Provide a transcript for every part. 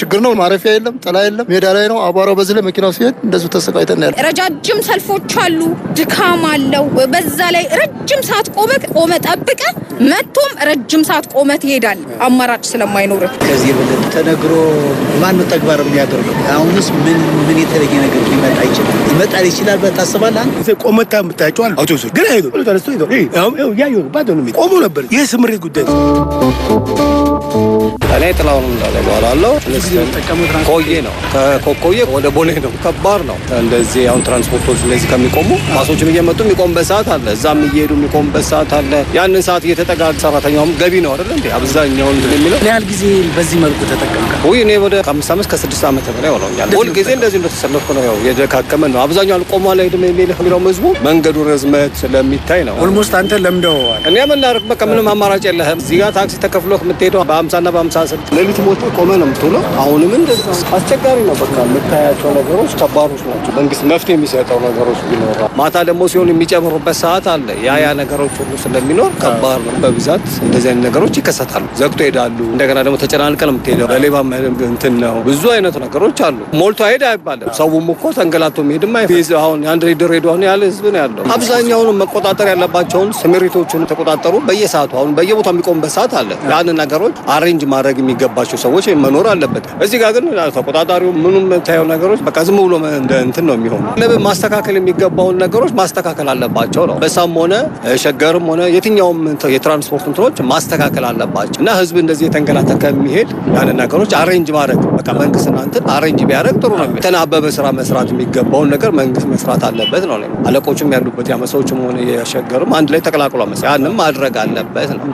ችግር ነው። ማረፊያ የለም፣ ጥላ የለም፣ ሜዳ ላይ ነው አቧራው። በዚህ ላይ መኪናው ሲሄድ እንደዚሁ ተሰቃይተን ያለ ረጃጅም ሰልፎች አሉ። ድካም አለው። በዛ ላይ ረጅም ሰዓት ቆመ ቆመ ጠብቀ መጥቶም ረጅም ሰዓት ቆመ ትሄዳል። አማራጭ ስለማይኖር ከዚህ በለጥ ተነግሮ ማን ነው ተግባር የሚያደርገው? አሁንስ ምን ምን የተለየ ነገር ሊመጣ ይችላል? ይመጣል ይችላል ታስባለህ? ቆመታ ምታያቸዋል አውቶቡስ ግን አይሄዱ ተነስቶ ሄዶ ያዩ ባዶ ነው ቆሞ ነበር። ይህ ስምሬት ጉዳይ ነው። እኔ ጥላው እንዳለ እባላለሁ። ኮዬ ነው ከኮኮዬ ወደ ቦሌ ነው። ከባድ ነው። እንደዚህ አሁን ትራንስፖርቶች እንደዚህ ከሚቆሙ ባሶችም እየመጡ የሚቆምበት ሰዓት አለ፣ እዛም እየሄዱ የሚቆምበት ሰዓት አለ። ያንን ሰዓት እየተጠጋ ሰራተኛውም ገቢ ነው አይደለ እንዴ? አብዛኛውን የሚለው ያህል ጊዜ በዚህ መልኩ ተጠቀምከ? ውይ እኔ ወደ ከአምስት አምስት ከስድስት ዓመት በላይ ሆኖኛል። ሁል ጊዜ እንደዚህ እንደተሰለፍኩ ነው። ያው የደካከመ ነው አብዛኛውን ቆሞ አልሄድም የሚል የሚለው ህዝቡ መንገዱ ርዝመት ስለሚታይ ነው። ኦልሞስት አንተ ለምደዋል። እኔ ምን ላድርግ በቃ ምንም አማራጭ የለህም። እዚህ ጋር ታክሲ ተከፍሎ የምትሄደው በሀምሳና በሀምሳ ስልክ ሌሊት ሞቶ ቆመ ነው የምትውለው። አሁንም እንደዛ አስቸጋሪ ነው። በቃ የምታያቸው ነገሮች ከባዶች ናቸው። መንግስት መፍትሄ የሚሰጠው ነገሮች ቢኖራ ማታ ደግሞ ሲሆን የሚጨምሩበት ሰዓት አለ። ያ ያ ነገሮች ሁሉ ስለሚኖር ከባድ ነው። በብዛት እንደዚህ አይነት ነገሮች ይከሰታሉ። ዘግቶ ይሄዳሉ። እንደገና ደግሞ ተጨናንቀ ነው የምትሄደው። በሌባ እንትን ነው ብዙ አይነት ነገሮች አሉ። ሞልቶ አይሄድ አይባልም። ሰውም እኮ ተንገላቶ የሚሄድም አሁን አንድ ሬድር ሄዷን ያለ ህዝብ ነው ያለው። አብዛኛውን መቆጣጠር ያለባቸውን ስሜሪቶቹን ተቆጣጠሩ። በየሰዓቱ አሁን በየቦታው የሚቆሙበት ሰዓት አለ። ያን ነገሮች አሬንጅ ማድረግ የሚገባቸው ሰዎች መኖር አለበት። እዚህ ጋር ግን ተቆጣጣሪው ምኑም የምታየው ነገሮች በቃ ዝም ብሎ እንትን ነው የሚሆኑ ማስተካከል የሚገባውን ነገሮች ማስተካከል አለባቸው ነው። በሳም ሆነ ሸገርም ሆነ የትኛውም የትራንስፖርት እንትኖች ማስተካከል አለባቸው እና ህዝብ እንደዚህ የተንገላተከ የሚሄድ ያንን ነገሮች አሬንጅ ማድረግ በቃ መንግስት እናንትን አረንጅ ቢያደርግ ጥሩ ነው። የተናበበ ስራ መስራት የሚገባውን ነገር መንግስት መስራት አለበት ነው። አለቆችም ያሉበት ያመሰዎችም ሆነ የሸገርም አንድ ላይ ተቀላቅሎ መስ ያንም ማድረግ አለበት ነው።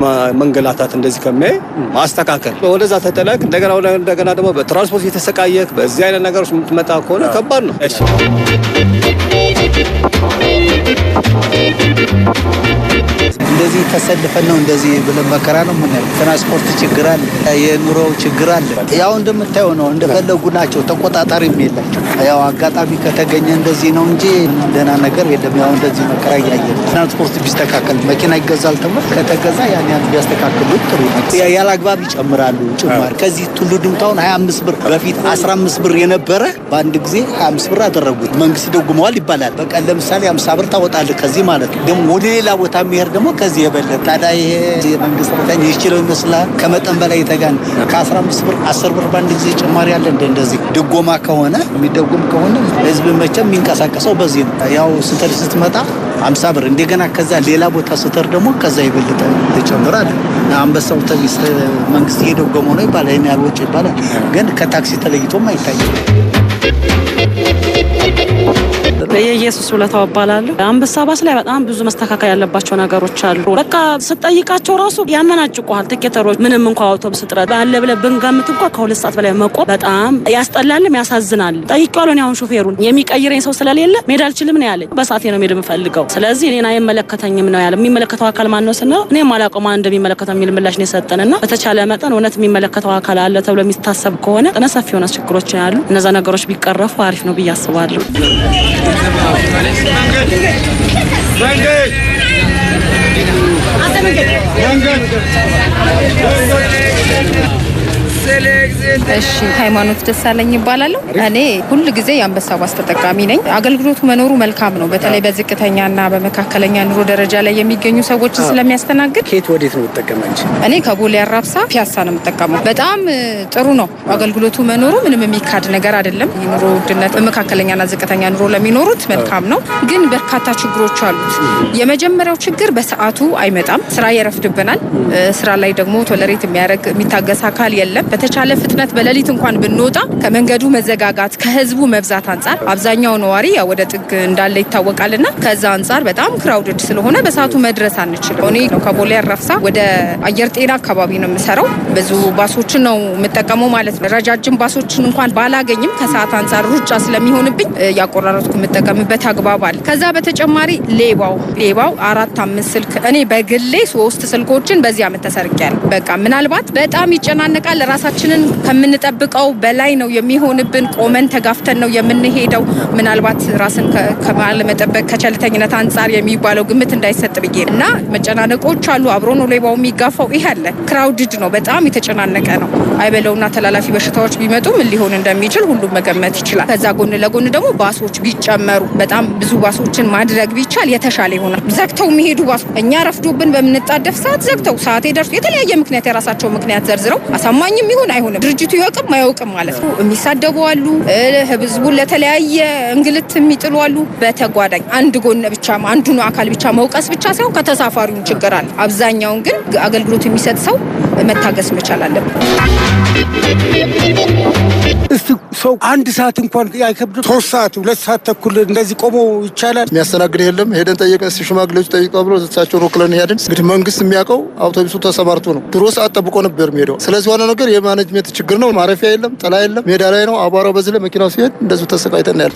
መንገላታት እንደዚህ ከሚያይ ማስተካከል ወደዛ ተጠለቅ እንደገና እንደገና ደግሞ በትራንስፖርት የተሰቃየክ በዚህ አይነት ነገሮች የምትመጣ ከሆነ ከባድ ነው። እንደዚህ ተሰልፈን ነው እንደዚህ ብለን መከራ ነው ምን ትራንስፖርት ችግር አለ፣ የኑሮ ችግር አለ። ያው እንደምታየው ነው፣ እንደፈለጉ ናቸው። ተቆጣጣሪም የላቸው። ያው አጋጣሚ ከተገኘ እንደዚህ ነው እንጂ ደህና ነገር የለም። ያው እንደዚህ መከራ እያየ ትራንስፖርት ቢስተካከል መኪና ይገዛል ተብሎ ከተገዛ ያን ያን ቢያስተካክሉት ጥሩ ነው። ያለ አግባብ ይጨምራሉ ጭማሪ። ከዚህ ቱሉ ድምታውን 25 ብር በፊት 15 ብር የነበረ በአንድ ጊዜ 25 ብር አደረጉት። መንግስት ደጉመዋል ይባላል። በቀን ለምሳሌ 50 ብር ታወጣለህ ከዚህ ማለት ነው። ደግሞ ወደ ሌላ ቦታ የሚሄድ ደግሞ ከዚህ የበለጠ ታዲያ ይሄ የመንግስት ተጠቃሚ ይችለው ይመስላል። ከመጠን በላይ የተጋን ከ15 ብር 10 ብር በአንድ ጊዜ ጭማሪ አለ። እንደ እንደዚህ ድጎማ ከሆነ የሚደጉም ከሆነ ህዝብ መቼም የሚንቀሳቀሰው በዚህ ነው። ያው ስተር ስትመጣ 50 ብር እንደገና ከዛ ሌላ ቦታ ስተር ደግሞ ከዛ የበለጠ ይጨምራል። አንበሳው ተቢስ መንግስት እየደጎመ ነው ይባላል። ይህን ያልወጭ ይባላል፣ ግን ከታክሲ ተለይቶም አይታይም። የኢየሱስ ውለታው እባላለሁ። አንበሳ ባስ ላይ በጣም ብዙ መስተካከል ያለባቸው ነገሮች አሉ። በቃ ስጠይቃቸው ራሱ ያመናጭቋል። ትኬተሮች ምንም እንኳ አውቶቡስ እጥረት አለ ብለህ ብንገምት እንኳ ከሁለት ሰዓት በላይ መቆም በጣም ያስጠላልም ያሳዝናል። ጠይቄዋለሁ። እኔ አሁን ሾፌሩን የሚቀይረኝ ሰው ስለሌለ መሄድ አልችልም ነው ያለኝ። በሰዓቴ ነው መሄድ የምፈልገው። ስለዚህ እኔን አይመለከተኝም ነው ያለ። የሚመለከተው አካል ማን ነው ስንለው እኔም አላውቀው ማን እንደሚመለከተው የሚል ምላሽ ነው የሰጠን በተቻለ መጠን እውነት የሚመለከተው አካል አለ ተብሎ የሚታሰብ ከሆነ ጥነ ሰፊ የሆነ ችግሮች ያሉ እነዛ ነገሮች ቢቀረፉ አሪፍ ነው ብዬ አስባለሁ። Ben değil. Ben değil. Ben değil. እሺ ሃይማኖት ደሳለኝ ይባላለሁ። እኔ ሁል ጊዜ የአንበሳ ባስ ተጠቃሚ ነኝ። አገልግሎቱ መኖሩ መልካም ነው። በተለይ በዝቅተኛና በመካከለኛ ኑሮ ደረጃ ላይ የሚገኙ ሰዎችን ስለሚያስተናግድ። ከየት ወዴት ነው የምትጠቀመች? እኔ ከቦሌ አራብሳ ፒያሳ ነው የምጠቀመው። በጣም ጥሩ ነው አገልግሎቱ መኖሩ፣ ምንም የሚካድ ነገር አይደለም። የኑሮ ውድነት በመካከለኛና ዝቅተኛ ኑሮ ለሚኖሩት መልካም ነው። ግን በርካታ ችግሮች አሉት። የመጀመሪያው ችግር በሰዓቱ አይመጣም። ስራ ይረፍድብናል። ስራ ላይ ደግሞ ቶለሬት የሚያደርግ የሚታገስ አካል የለም። በተቻለ ፍጥነት በሌሊት እንኳን ብንወጣ ከመንገዱ መዘጋጋት፣ ከህዝቡ መብዛት አንጻር አብዛኛው ነዋሪ ወደ ጥግ እንዳለ ይታወቃልና ከዛ አንጻር በጣም ክራውድድ ስለሆነ በሰዓቱ መድረስ አንችልም። እኔ ከቦሌ አራፍሳ ወደ አየር ጤና አካባቢ ነው የምሰራው። ብዙ ባሶችን ነው የምጠቀመው ማለት ነው። ረጃጅም ባሶችን እንኳን ባላገኝም ከሰዓት አንጻር ሩጫ ስለሚሆንብኝ ያቆራረጥኩ የምጠቀምበት አግባብ አለ። ከዛ በተጨማሪ ሌባው ሌባው አራት አምስት ስልክ እኔ በግሌ ሶስት ስልኮችን በዚህ አመት ተሰርቄያለሁ። በቃ ምናልባት በጣም ይጨናነቃል ራስ ራሳችንን ከምንጠብቀው በላይ ነው የሚሆንብን። ቆመን ተጋፍተን ነው የምንሄደው። ምናልባት ራስን ካለመጠበቅ ከቸልተኝነት አንጻር የሚባለው ግምት እንዳይሰጥ ብዬ እና መጨናነቆች አሉ። አብሮ ነው ሌባው የሚጋፋው። ይህ አለ ክራውድድ ነው፣ በጣም የተጨናነቀ ነው። አይበለውና ተላላፊ በሽታዎች ቢመጡ ምን ሊሆን እንደሚችል ሁሉም መገመት ይችላል። ከዛ ጎን ለጎን ደግሞ ባሶች ቢጨመሩ በጣም ብዙ ባሶችን ማድረግ ቢቻል የተሻለ ይሆናል። ዘግተው የሚሄዱ ባሶ እኛ ረፍዶብን በምንጣደፍ ሰዓት ዘግተው ሰዓት ደርሶ የተለያየ ምክንያት የራሳቸው ምክንያት ዘርዝረው አሳማኝም ይሁን አይሁንም ድርጅቱ ይወቅም አያውቅም ማለት ነው። የሚሳደቡ አሉ፣ ህዝቡን ለተለያየ እንግልት የሚጥሉ አሉ። በተጓዳኝ አንድ ጎን ብቻ አንዱን አካል ብቻ መውቀስ ብቻ ሳይሆን ከተሳፋሪውን ችግር አለ። አብዛኛውን ግን አገልግሎት የሚሰጥ ሰው መታገስ መቻል አለብን። ሰው አንድ ሰዓት እንኳን አይከብድም። ሶስት ሰዓት ሁለት ሰዓት ተኩል እንደዚህ ቆሞ ይቻላል። የሚያስተናግድ የለም። ሄደን ጠየቀ እስቲ ሽማግሌዎች ጠይቀ ብሎ እሳቸውን ወክለን ያድን። እንግዲህ መንግስት የሚያውቀው አውቶቡሱ ተሰማርቶ ነው። ድሮ ሰዓት ጠብቆ ነበር የሚሄደው። ስለዚህ ዋና ነገር የማኔጅመንት ችግር ነው። ማረፊያ የለም፣ ጥላ የለም፣ ሜዳ ላይ ነው። አቧራው በዚህ ላይ መኪናው ሲሄድ እንደዚሁ ተሰቃይተን ያለ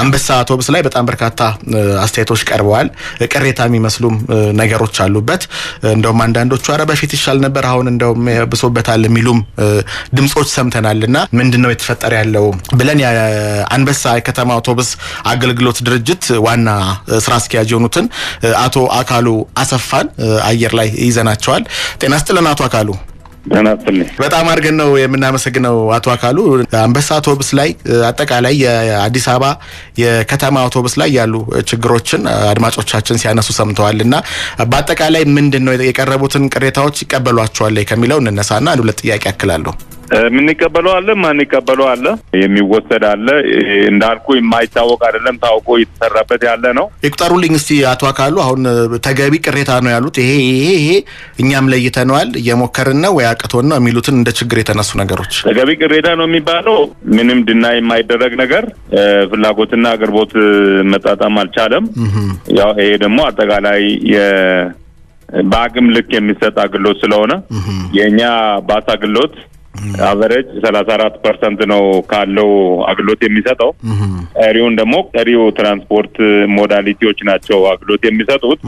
አንበሳ አውቶቡስ ላይ በጣም በርካታ አስተያየቶች ቀርበዋል። ቅሬታ የሚመስሉም ነገሮች አሉበት። እንደውም አንዳንዶቹ አረ በፊት ይሻል ነበር፣ አሁን እንደውም ብሶበታል የሚሉም ድምጾች ሰምተናል። እና ምንድን ነው የተፈጠረ ያለው ብለን የአንበሳ የከተማ አውቶቡስ አገልግሎት ድርጅት ዋና ስራ አስኪያጅ የሆኑትን አቶ አካሉ አሰፋን አየር ላይ ይዘናቸዋል። ጤና ስጥልን አቶ አካሉ። በጣም አድርገን ነው የምናመሰግነው አቶ አካሉ። አንበሳ አውቶቡስ ላይ አጠቃላይ የአዲስ አበባ የከተማ አውቶቡስ ላይ ያሉ ችግሮችን አድማጮቻችን ሲያነሱ ሰምተዋል እና በአጠቃላይ ምንድን ነው የቀረቡትን ቅሬታዎች ይቀበሏቸዋል ከሚለው እንነሳና አንድ ሁለት ጥያቄ ያክላለሁ። የምንቀበለው አለ፣ ማንቀበለው አለ፣ የሚወሰድ አለ። እንዳልኩ የማይታወቅ አይደለም፣ ታውቆ የተሰራበት ያለ ነው። ይቁጠሩልኝ እስቲ አቶ አካሉ። አሁን ተገቢ ቅሬታ ነው ያሉት ይሄ ይሄ ይሄ እኛም ለይተነዋል፣ እየሞከርን ነው ወይ አቅቶን ነው የሚሉትን እንደ ችግር የተነሱ ነገሮች ተገቢ ቅሬታ ነው የሚባለው ምንም ድና የማይደረግ ነገር ፍላጎትና አቅርቦት መጣጣም አልቻለም። ያው ይሄ ደግሞ አጠቃላይ በአቅም ልክ የሚሰጥ አግሎት ስለሆነ የእኛ ባስ አግሎት አቨሬጅ ሰላሳ አራት ፐርሰንት ነው ካለው አግሎት የሚሰጠው። ቀሪውን ደግሞ ቀሪው ትራንስፖርት ሞዳሊቲዎች ናቸው አግሎት የሚሰጡት።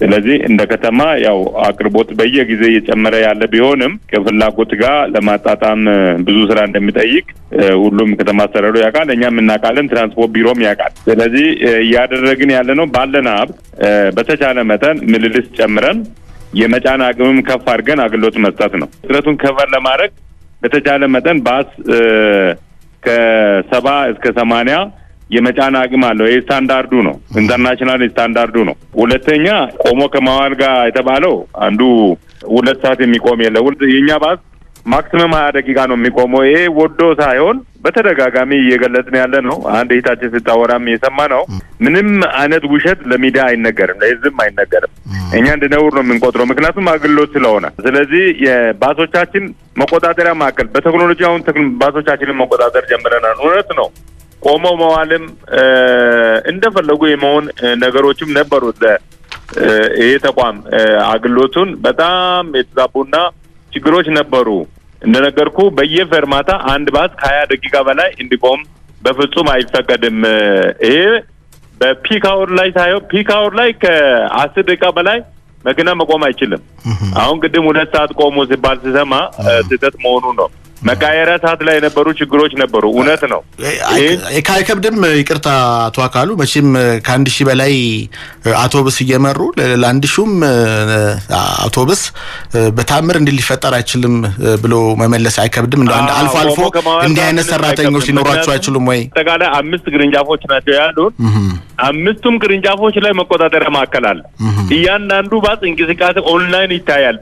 ስለዚህ እንደ ከተማ ያው አቅርቦት በየጊዜ እየጨመረ ያለ ቢሆንም ከፍላጎት ጋር ለማጣጣም ብዙ ስራ እንደሚጠይቅ ሁሉም ከተማ አስተዳደሩ ያውቃል፣ እኛም እናውቃለን፣ ትራንስፖርት ቢሮም ያውቃል። ስለዚህ እያደረግን ያለ ነው ባለን ሀብት በተቻለ መጠን ምልልስ ጨምረን የመጫን አቅምም ከፍ አድርገን አገልግሎት መስጠት ነው። እጥረቱን ከቨር ለማድረግ በተቻለ መጠን ባስ ከሰባ እስከ ሰማንያ የመጫን አቅም አለው። ይህ ስታንዳርዱ ነው፣ ኢንተርናሽናል ስታንዳርዱ ነው። ሁለተኛ ቆሞ ከማዋል ጋር የተባለው አንዱ ሁለት ሰዓት የሚቆም የለ የእኛ ባስ ማክሲመም ሀያ ደቂቃ ነው የሚቆመው። ይሄ ወዶ ሳይሆን በተደጋጋሚ እየገለጽን ያለ ነው። አንድ እህታችን ስታወራም የሰማ ነው። ምንም አይነት ውሸት ለሚዲያ አይነገርም፣ ለህዝብም አይነገርም። እኛ እንደ ነውር ነው የምንቆጥረው፣ ምክንያቱም አገልግሎት ስለሆነ። ስለዚህ የባሶቻችን መቆጣጠሪያ ማዕከል በቴክኖሎጂ አሁን ባሶቻችንን መቆጣጠር ጀምረናል። እውነት ነው ቆመው መዋልም እንደፈለጉ የመሆን ነገሮችም ነበሩ። ይሄ ተቋም አገልግሎቱን በጣም የተዛቡና ችግሮች ነበሩ። እንደነገርኩ በየፌርማታ አንድ ባስ ከሀያ ደቂቃ በላይ እንዲቆም በፍጹም አይፈቀድም። ይሄ በፒክ አወር ላይ ሳይሆን ፒክ አወር ላይ ከአስር ደቂቃ በላይ መኪና መቆም አይችልም። አሁን ቅድም ሁለት ሰዓት ቆሙ ሲባል ሲሰማ ስህተት መሆኑ ነው። መቃየሪያ ሰዓት ላይ የነበሩ ችግሮች ነበሩ። እውነት ነው። ከአይከብድም ይቅርታ አቶ አካሉ መቼም ከአንድ ሺህ በላይ አውቶብስ እየመሩ ለአንድ ሹም አውቶብስ በታምር እንዲህ ሊፈጠር አይችልም ብሎ መመለስ አይከብድም። እንደ አንድ አልፎ አልፎ እንዲህ አይነት ሰራተኞች ሊኖሯቸው አይችሉም ወይ? አጠቃላይ አምስት ቅርንጫፎች ናቸው ያሉን። አምስቱም ቅርንጫፎች ላይ መቆጣጠሪያ ማዕከል አለ። እያንዳንዱ ባስ እንቅስቃሴ ኦንላይን ይታያል።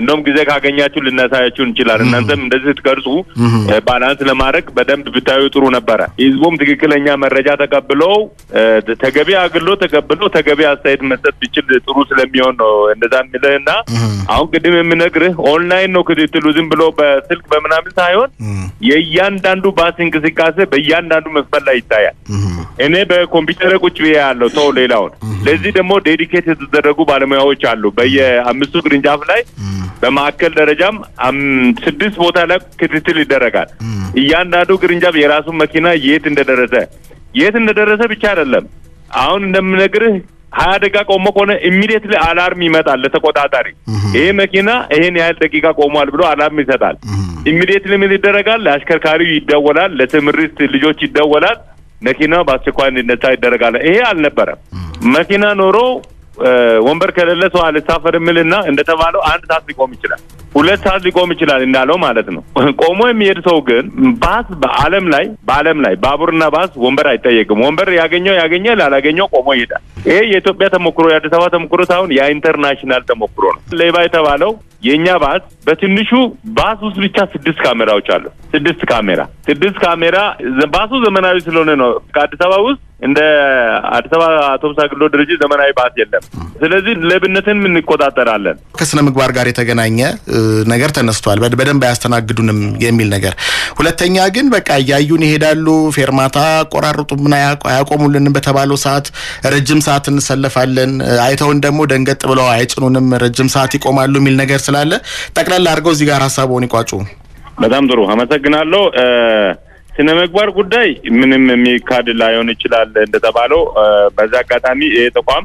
እንደውም ጊዜ ካገኛችሁ ልናሳያችሁ እንችላል እናንተም እንደዚህ ስትቀርጹ ባላንስ ለማድረግ በደንብ ብታዩ ጥሩ ነበረ። ህዝቡም ትክክለኛ መረጃ ተቀብሎ ተገቢ አግሎ ተቀብሎ ተገቢ አስተያየት መስጠት ቢችል ጥሩ ስለሚሆን ነው እንደዛ የሚልህ እና አሁን ቅድም የምነግርህ ኦንላይን ነው ክትትሉ ዝም ብሎ በስልክ በምናምን ሳይሆን የእያንዳንዱ ባስ እንቅስቃሴ በእያንዳንዱ መስመር ላይ ይታያል። እኔ በኮምፒውተር ቁጭ ብዬ ያለው ሰው ሌላውን ለዚህ ደግሞ ዴዲኬት የተደረጉ ባለሙያዎች አሉ በየአምስቱ ቅርንጫፍ ላይ በማዕከል ደረጃም ስድስት ቦታ ላይ ክትትል ይደረጋል። እያንዳንዱ ቅርንጫፍ የራሱን መኪና የት እንደደረሰ የት እንደደረሰ ብቻ አይደለም። አሁን እንደምነግርህ ሀያ ደቂቃ ቆሞ ከሆነ ኢሚዲየት አላርም ይመጣል ለተቆጣጣሪ። ይሄ መኪና ይሄን ያህል ደቂቃ ቆሟል ብሎ አላርም ይሰጣል። ኢሚዲየትሊ ምን ይደረጋል? ለአሽከርካሪው ይደወላል፣ ለትምህርት ልጆች ይደወላል። መኪናው በአስቸኳይ እንዲነሳ ይደረጋል። ይሄ አልነበረም። መኪና ኖሮ ወንበር ከሌለ ሰው አልሳፈር የሚልና እንደተባለው አንድ ሰዓት ሊቆም ይችላል፣ ሁለት ሰዓት ሊቆም ይችላል እንዳለው ማለት ነው። ቆሞ የሚሄድ ሰው ግን ባስ በዓለም ላይ በዓለም ላይ ባቡርና ባስ ወንበር አይጠየቅም። ወንበር ያገኘው ያገኘ ላላገኘው ቆሞ ይሄዳል። ይሄ የኢትዮጵያ ተሞክሮ የአዲስ አበባ ተሞክሮ ሳይሆን የኢንተርናሽናል ተሞክሮ ነው። ሌባ የተባለው የእኛ ባስ በትንሹ ባስ ውስጥ ብቻ ስድስት ካሜራዎች አሉ። ስድስት ካሜራ ስድስት ካሜራ ባሱ ዘመናዊ ስለሆነ ነው። ከአዲስ አበባ ውስጥ እንደ አዲስ አበባ አውቶቡስ አገልግሎት ድርጅት ዘመናዊ ባስ የለም። ስለዚህ ሌብነትን እንቆጣጠራለን። ከስነ ምግባር ጋር የተገናኘ ነገር ተነስቷል። በደንብ አያስተናግዱንም የሚል ነገር። ሁለተኛ ግን በቃ እያዩን ይሄዳሉ። ፌርማታ ምን አያቆሙልንም በተባለው ሰዓት ረጅም ሰዓት እንሰለፋለን፣ አይተውን ደግሞ ደንገጥ ብለው አይጭኑንም፣ ረጅም ሰዓት ይቆማሉ የሚል ነገር ስላለ ጠቅላላ አድርገው እዚህ ጋር ሀሳቡን ይቋጩ። በጣም ጥሩ አመሰግናለሁ። ስነ ምግባር ጉዳይ ምንም የሚካድ ላይሆን ይችላል እንደተባለው። በዛ አጋጣሚ ይሄ ተቋም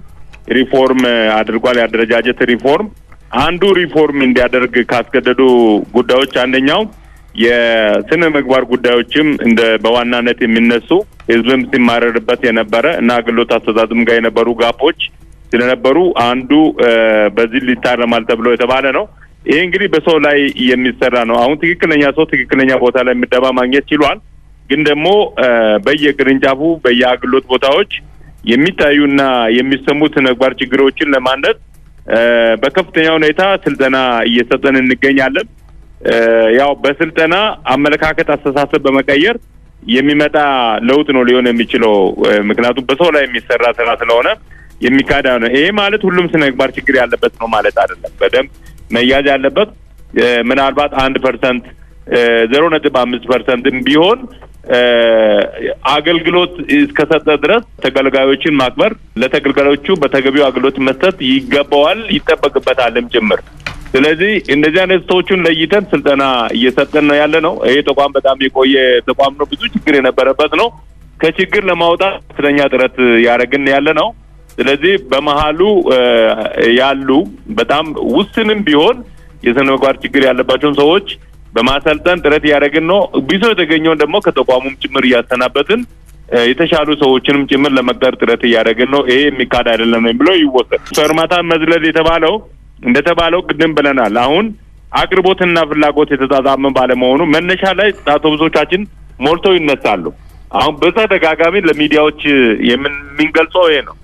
ሪፎርም አድርጓል። የአደረጃጀት ሪፎርም አንዱ ሪፎርም እንዲያደርግ ካስገደዱ ጉዳዮች አንደኛው የስነ ምግባር ጉዳዮችም እንደ በዋናነት የሚነሱ ህዝብም ሲማረርበት የነበረ እና አገልግሎት አስተዛዝም ጋር የነበሩ ጋፖች ስለነበሩ አንዱ በዚህ ሊታረማል ተብሎ የተባለ ነው። ይሄ እንግዲህ በሰው ላይ የሚሰራ ነው። አሁን ትክክለኛ ሰው ትክክለኛ ቦታ ላይ የሚደባ ማግኘት ችሏል። ግን ደግሞ በየቅርንጫፉ በየአገልግሎት ቦታዎች የሚታዩና የሚሰሙ ስነ ምግባር ችግሮችን ለማንነት በከፍተኛ ሁኔታ ስልጠና እየሰጠን እንገኛለን። ያው በስልጠና አመለካከት፣ አስተሳሰብ በመቀየር የሚመጣ ለውጥ ነው ሊሆን የሚችለው። ምክንያቱም በሰው ላይ የሚሰራ ስራ ስለሆነ የሚካዳ ነው። ይሄ ማለት ሁሉም ስነ ምግባር ችግር ያለበት ነው ማለት አይደለም። በደንብ መያዝ ያለበት ምናልባት አንድ ፐርሰንት ዜሮ ነጥብ አምስት ፐርሰንትም ቢሆን አገልግሎት እስከሰጠ ድረስ ተገልጋዮችን ማክበር፣ ለተገልጋዮቹ በተገቢው አገልግሎት መስጠት ይገባዋል፣ ይጠበቅበታልም ጭምር። ስለዚህ እነዚህ አይነት ሰዎቹን ለይተን ስልጠና እየሰጠን ነው ያለ ነው። ይሄ ተቋም በጣም የቆየ ተቋም ነው። ብዙ ችግር የነበረበት ነው። ከችግር ለማውጣት ከፍተኛ ጥረት ያደረግን ያለ ነው። ስለዚህ በመሀሉ ያሉ በጣም ውስንም ቢሆን የስነ ምግባር ችግር ያለባቸውን ሰዎች በማሰልጠን ጥረት እያደረግን ነው። ቢሶ የተገኘውን ደግሞ ከተቋሙም ጭምር እያሰናበትን የተሻሉ ሰዎችንም ጭምር ለመቅጠር ጥረት እያደረግን ነው። ይሄ የሚካድ አይደለም ብሎ ይወሰድ ፌርማታ መዝለል የተባለው እንደተባለው ቅድም ብለናል። አሁን አቅርቦትና ፍላጎት የተጣጣመ ባለመሆኑ መነሻ ላይ አውቶቡሶቻችን ሞልተው ይነሳሉ። አሁን በተደጋጋሚ ለሚዲያዎች የምንገልጸው ይሄ ነው።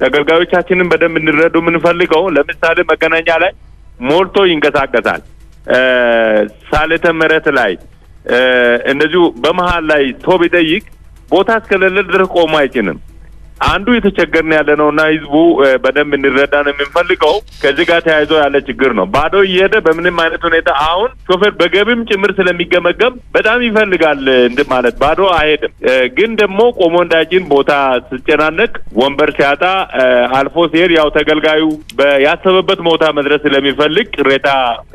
ተገልጋዮቻችንን በደንብ እንዲረዱ የምንፈልገው ለምሳሌ መገናኛ ላይ ሞልቶ ይንቀሳቀሳል። ሳሌተ ምህረት ላይ እንደዚሁ በመሀል ላይ ቶብ ይጠይቅ ቦታ እስከሌለ ድረስ ቆሞ አይጭንም። አንዱ የተቸገርን ያለ ነው እና ህዝቡ በደንብ እንዲረዳ ነው የምንፈልገው። ከዚህ ጋር ተያይዞ ያለ ችግር ነው። ባዶ እየሄደ በምንም አይነት ሁኔታ አሁን ሾፌር በገቢም ጭምር ስለሚገመገም በጣም ይፈልጋል እንድ ማለት ባዶ አይሄድም። ግን ደግሞ ቆሞ እንዳይጭን ቦታ ስጨናነቅ፣ ወንበር ሲያጣ፣ አልፎ ሲሄድ ያው ተገልጋዩ ያሰበበት ቦታ መድረስ ስለሚፈልግ ቅሬታ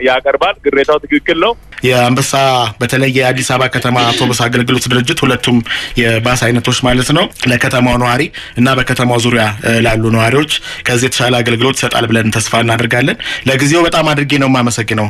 ያቀርባል። ቅሬታው ትክክል ነው። የአንበሳ በተለይ የአዲስ አበባ ከተማ አውቶቡስ አገልግሎት ድርጅት ሁለቱም የባስ አይነቶች ማለት ነው ለከተማው ነዋሪ እና በከተማው ዙሪያ ላሉ ነዋሪዎች ከዚህ የተሻለ አገልግሎት ይሰጣል ብለን ተስፋ እናደርጋለን። ለጊዜው በጣም አድርጌ ነው የማመሰግነው።